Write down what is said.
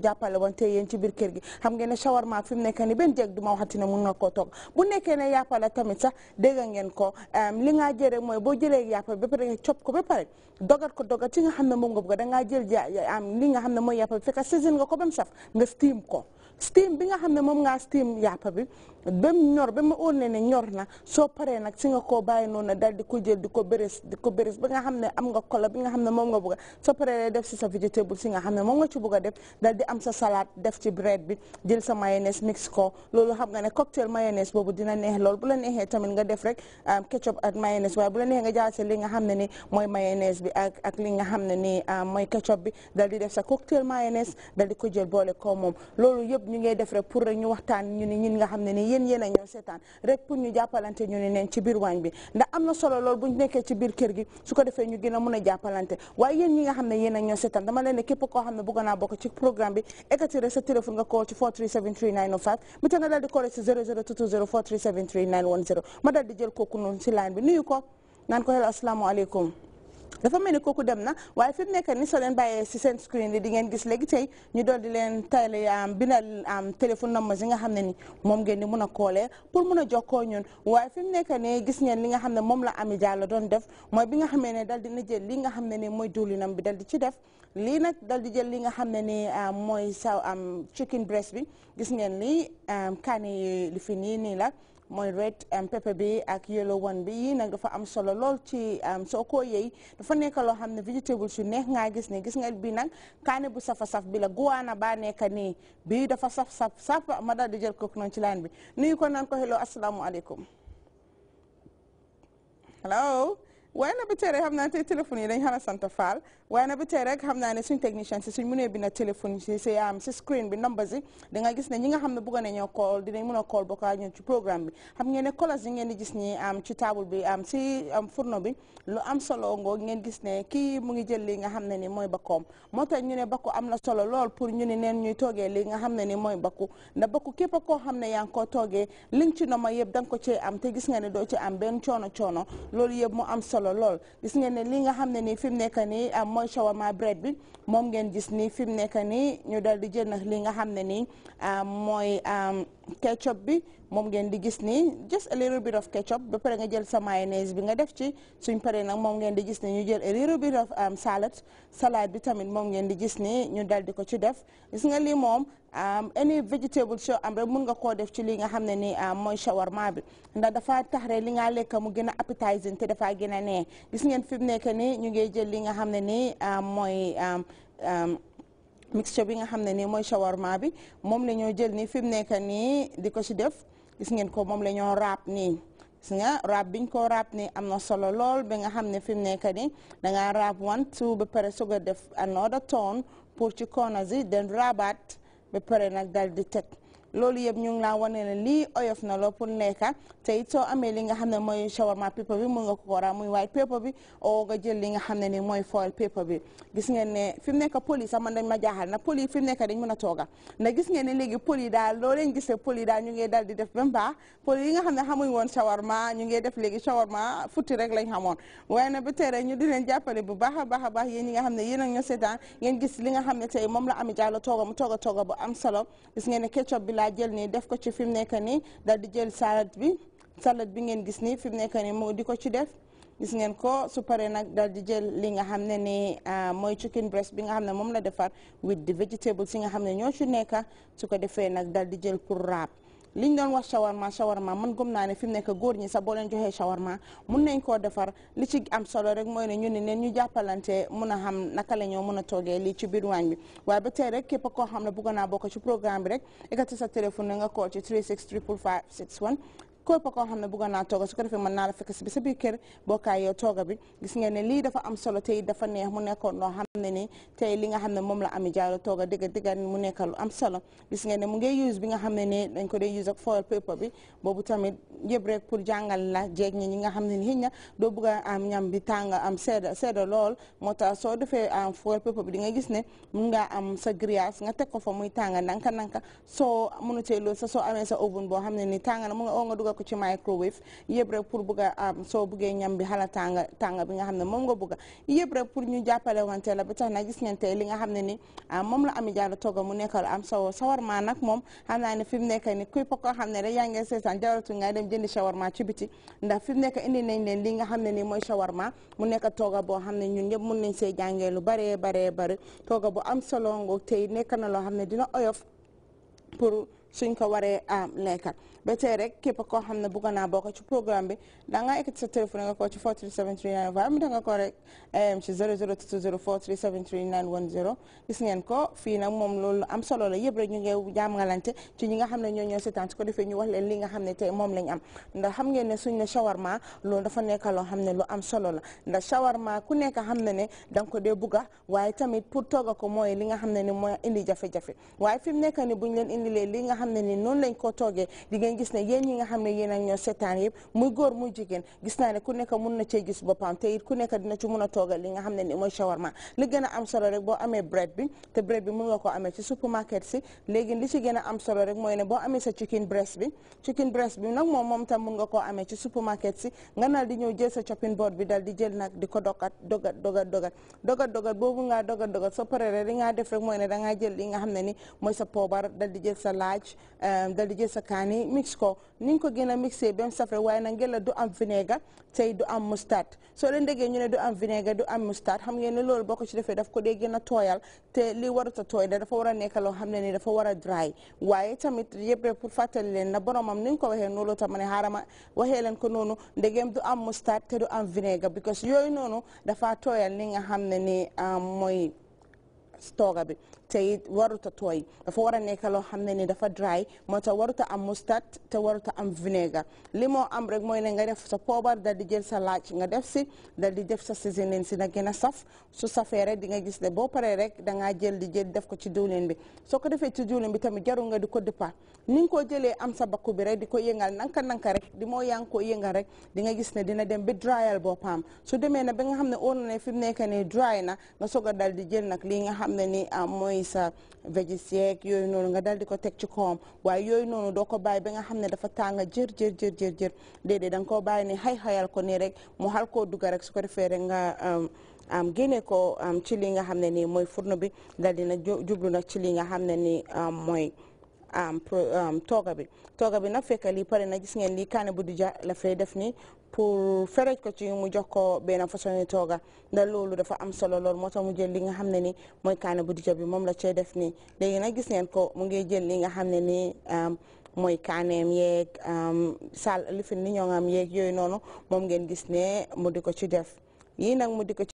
jàppale woon te yéen ci biir kër gi xam ngeen ne shawarma fi mu nekk ni benn ma waxati mun nga koo toog bu nekkee ne yàppa la tamit sax dégg ngeen ko li nga jëre mooy boo jëlee yàppa ba pare cop ko ba pare dogat ko dogat ci nga xam ne moom nga bëgg da ngaa jël am li ne mooy ko ba mu ko bi nga xam ne moom ngaa steam yàppa bi ba mu ñor ba mu ne ne na soo paree nag si nga koo bàyyi noonu daal di ko jël di ko béres di ko béres ba nga xam ne am nga kola bi nga xam ne moom nga bëgg soo paree def si sa vegetable si nga xam ne moom nga ci bëgg a di am sa salade def ci bread bi jël sa mayonnaise mix ko loolu xam nga ne cocktail mayonnaise boobu dina neex lool bu a ñoo nekkee ci biir kër gi su ko defee ñu gën a mun a jàppalante waaye yéen ñi nga xam ne yéen seetaan dama leen ne képp xam ne bëgg naa bokk ci programme bi ekati rek sa téléphone nga call ci 4373905 mu nga daal di call ci ma daal di jël kooku noonu si line bi nuyu ko naan ko hello asalaamaaleykum dafa mel ni kooku dem na waaye fi nekk ni soo leen bàyyee si seen screen yi di ngeen gis léegi tey ñu dool di leen tayale bindal téléphone numéro yi nga xam ne ni moom ngeen di mun a koolee pour mun a jokkoo ñun waaye fi mu nekk ni gis ngeen li nga xam ne moom la Ami Jallow doon def mooy bi nga xamee ne dal dina jël li nga xam ne ni mooy diwlinam bi dal di ci def lii nag dal di jël li nga xam ne ni mooy saw am chicken breast bi gis ngeen lii kaani li fi nii nii la mooy red pepper bi ak yellow one bi yii nag dafa am solo lool ci am um, soo ko yëy dafa nekk loo xam ne vegetables yu neex ngaa gis ne gis nga bi nag kaane bu safa saf bi la guwaana baa nekk nii bii dafa saf saf saf ma daal di jël kook noonu ci laan bi nuyu ko naan ko hello asalaamualeykum hello waaye na ba xam naa tey téléphone yi sant faal waaye na ba tey rek xam naa ne suñ technicien si suñ mënee bind téléphone si si si screen bi numbers yi da nga gis ne ñi nga xam ne bëgg nañoo call dinañ mën a call bokka ñun ci programme bi xam ngeen ne callers yi gis ñi am ci table bi am si am fourno bi lu am solo ngoo ngeen gis ne kii mu ngi jël li nga xam ne ni mooy bakkoom moo tax ne bakku am na solo lool pour ñu ne neen ñuy toogee li nga xam ne ni mooy bakku ndax bakku képp koo xam ne yaa ngi koo toogee liñ ci noma yëpp da ko cee am te gis nga ne doo ci am benn coono coono loolu yëpp mu am solo lool lool gis ngeen ne li nga xam ne ni fi mu nekk nii am ah, mooy shawarma bread bi moom ngeen gis nii fi mu nekk nii ñu dal di jël nag li nga xam ne nii ah, mooy ah, ketchup bi moom ngeen di gis nii just a little bit of ketchup ba pare nga jël sa mayonnaise bi nga def ci suñ paree nag moom ngeen di gis ni ñu jël a little bit of um, salad salade bi tamit moom ngeen di gis ni ñu dal di ko ci def gis nga lii moom um, any vegetable soo am rek mun nga koo def ci li nga xam ne nii um, mooy shawarma bi ndax dafa tax li nga lekk mu gën a appetizing te dafa gën a nee gis ngeen fi mu nekk nii ñu ngi jël li nga xam ne nii mooy mixture bi nga xam ne nii mooy shawarma bi moom la ñoo jël ni fi mu nekk nii di ko ci def gis ngeen ko moom la ñoo raab nii gis nga raab biñ ko raab nii am na solo lool ba nga xam ne fi mu nekk nii da ngaa raab one two ba pare soog a def another tone pour ci corners yi den raabaat ba pare nag dal di loolu yëpp ñu ngi laa wane ne lii oyof na loo pour nekka te it soo li nga xam ne mooy shawarma paper bi mun nga ko wara muy white bi oo nga jël li nga xam ni mooy foil paper bi gis ngeen ne fi mu nekk poli sax man dañ ma jaaxal na poli fi mu nekk dañ mën a tooga na gis ngeen ne léegi poli daal loo leen gisee poli daal ñu ngi dal di def ba mbaax poli yi nga xam ne xamuñ woon shawarma ñu ngi def léegi shawarma futti rek lañ xamoon waaye na ba tey di leen jàppale bu baax a baax a baax yéen ñi nga ne yéen a ñu seetaan ngeen gis li nga xam ne tey moom la Amie Jallow tooga mu tooga tooga bu am solo gis laa jël nii def ko ci fi mu nekk nii dal di jël salade bi salade bi ngeen gis ni fi mu nekk nii moo di ko ci def gis ngeen ko su paree nag dal di jël li nga xam ne ni ah, mooy chicken breast bi nga xam ne moom la defar with the vegetables yi nga xam ne ñoo ci nekk su ko defee nag dal di jël pour raab liñ doon wax shawarma shawarma man gëm naa ne fi mu góor ñi sax boo leen joxee shawarma mun nañ koo defar li ci am solo rek mooy ne ñu ne neen ñu jàppalante mun a xam naka la ñoo mun a toogee lii ci biir waañ bi waaye ba tey rek képp koo xam ne bëgg naa bokk ci programme bi rek ekati sa téléphone nga call ci 36 555 61 kóolpa koo xam ne bëggoon naa tooga su ko defee mën naa la fekk si bi sa biir kër bokkaay bi gis ne lii dafa am solo tey dafa xam ne ni tey li nga xam ne moom la Ami Jaara tooga dëgg dëgg mu nekk lu am solo gis bi nga xam ni dañ ko dee use ak foil paper pour jàngal la jeeg ñi ñi nga xam ne ni xëy doo bëgg a am ñam bi tàng am sedda sedda lool moo tax soo defee am foil paper bi di nga gis ne mun nga am sa grillage nga teg ko fa muy tàng nanka nanka soo mënutee loolu sa soo amee sa oven boo xam ne ni tàng na mu nga nga dugal dugal ko ci microwave yëpp rek pour bugg a am soo buggee ñam bi xala tànga bi nga xam ne moom nga bugg a yëpp rek pour ñu jàppale wante la ba tax na gis ngeen tey li nga xam ne ni ah, moom la Ami Jaara togga mu nekkal am sawo sawarma nag moom xam naa ne mu nekk ni kuy pokk xam ne rek yaa ngi seetaan jaratu ngay dem jëndi sawarma ci biti ndax nañ leen li nga xam ne ni mooy sawarma mu nekk tooga boo xam ne ñun ñëpp mun nañ see jàngee lu baree baree bari tooga bu am solo tey nekk na loo xam ne dina oyof pour suñ ko waree ah, lekka ba tey rek képp koo xam ne bëgg naa bokk ci programme bi da ngaa téléphone nga ko ci 43739 waaye mu da nga ko rek ci ko fii nag moom loolu am solo la yëpp rek ñu ngi jàmmalante ci ñi nga xam ko defee ñu wax leen li nga xam ne tey moom lañ am ndax xam ngeen ne suñ ne shawarma loolu dafa nekk loo xam ne lu am solo la ndax shawarma ku nekk xam na ne ko dee bugga waaye tamit pour togga ko mooy li nga xam ne ni mooy indi jafe dinañ gis ne yéen ñi nga xam ne yéen ak ñoo seetaan yëpp muy góor muy jigéen gis naa mun na cee gis boppam te it ku nekk dina ci mun a toogal li nga xam ne ni mooy a am a am solo rek mooy ne boo sa chicken si nga di ñëw jël bi dal di jël nag ko dogat dogat dogat dogat dogat dogat boobu ngaa dogat dogat soo paree rek li ngaa def li nga xam ne ni mooy sa poobar dal di jël laaj eh, dal di jël sa kaani mix ko ni nga ko gën a mixé ba mu waaye nag ngeen du am vinaigre tey du am mustard soo leen déggee ñu ne du am vinaigre du am mustard xam ngeen ne loolu boo ko ci defee daf ko dee gën a tooyal te li warut a tooy da dafa war a nekk loo xam ne ni dafa war a dry waaye tamit yëpp pour fàttali leen na boromam ni nga ko waxee noonu tam ma ne xaaral waxee leen ko noonu ndegem du am mustard te du am vinaigre because yooyu noonu dafa tooyal ni nga xam ne ni mooy tooga bi te it warut a tooy dafa war a nekk loo xam ne ni dafa dry moo tax warut a am mustard te warut a am vinaigre li mo am rek mooy ne nga def sa poobar dal di jël sa laaj nga def si dal di def sa seasoning si na gën a saf su safee rek di nga gis ne boo paree rek da ngaa jël di jël def ko ci diwlin bi soo ko defee ci diwlin bi tamit jarul nga di ko dëppa ni nga ko jëlee am sa bakku bi rek di ko yëngal nanka nanka rek di moo yaa ngi ko yëngal rek di nga gis ne dina dem bi dryal boppam su demee ba nga xam ne a dal ay sa veggies yeeg yooyu noonu nga dal di ko teg ci koom waaye yooyu noonu doo ko bàyyi ba nga xam ne dafa tànga jër jër jër jër jër déedéet da nga koo bàyyi ne xay xayal ko ni rek mu xal koo dugga rek su ko defee rek nga am génne ko ci li nga xam ne ni mooy furno bi dal dina jublu nag ci li nga xam ne nii mooy tooga bi tooga bi nag fekk lii pare na gis ngeen lii kaane bu dija la fee def ni pour ferej ko ci mu jox ko benn façon yi tooga ndax loolu dafa am solo lool moo tax mu jël li nga xam ne ni mooy kaane bu dija bi moom la cee def nii léegi nag gis ngeen ko mu ngi jël li nga xam ne nii mooy kaaneem yeeg sal lifin ni ñoo yeeg yooyu noonu moom ngeen gis ne mu di ko ci def yii nag mu di ko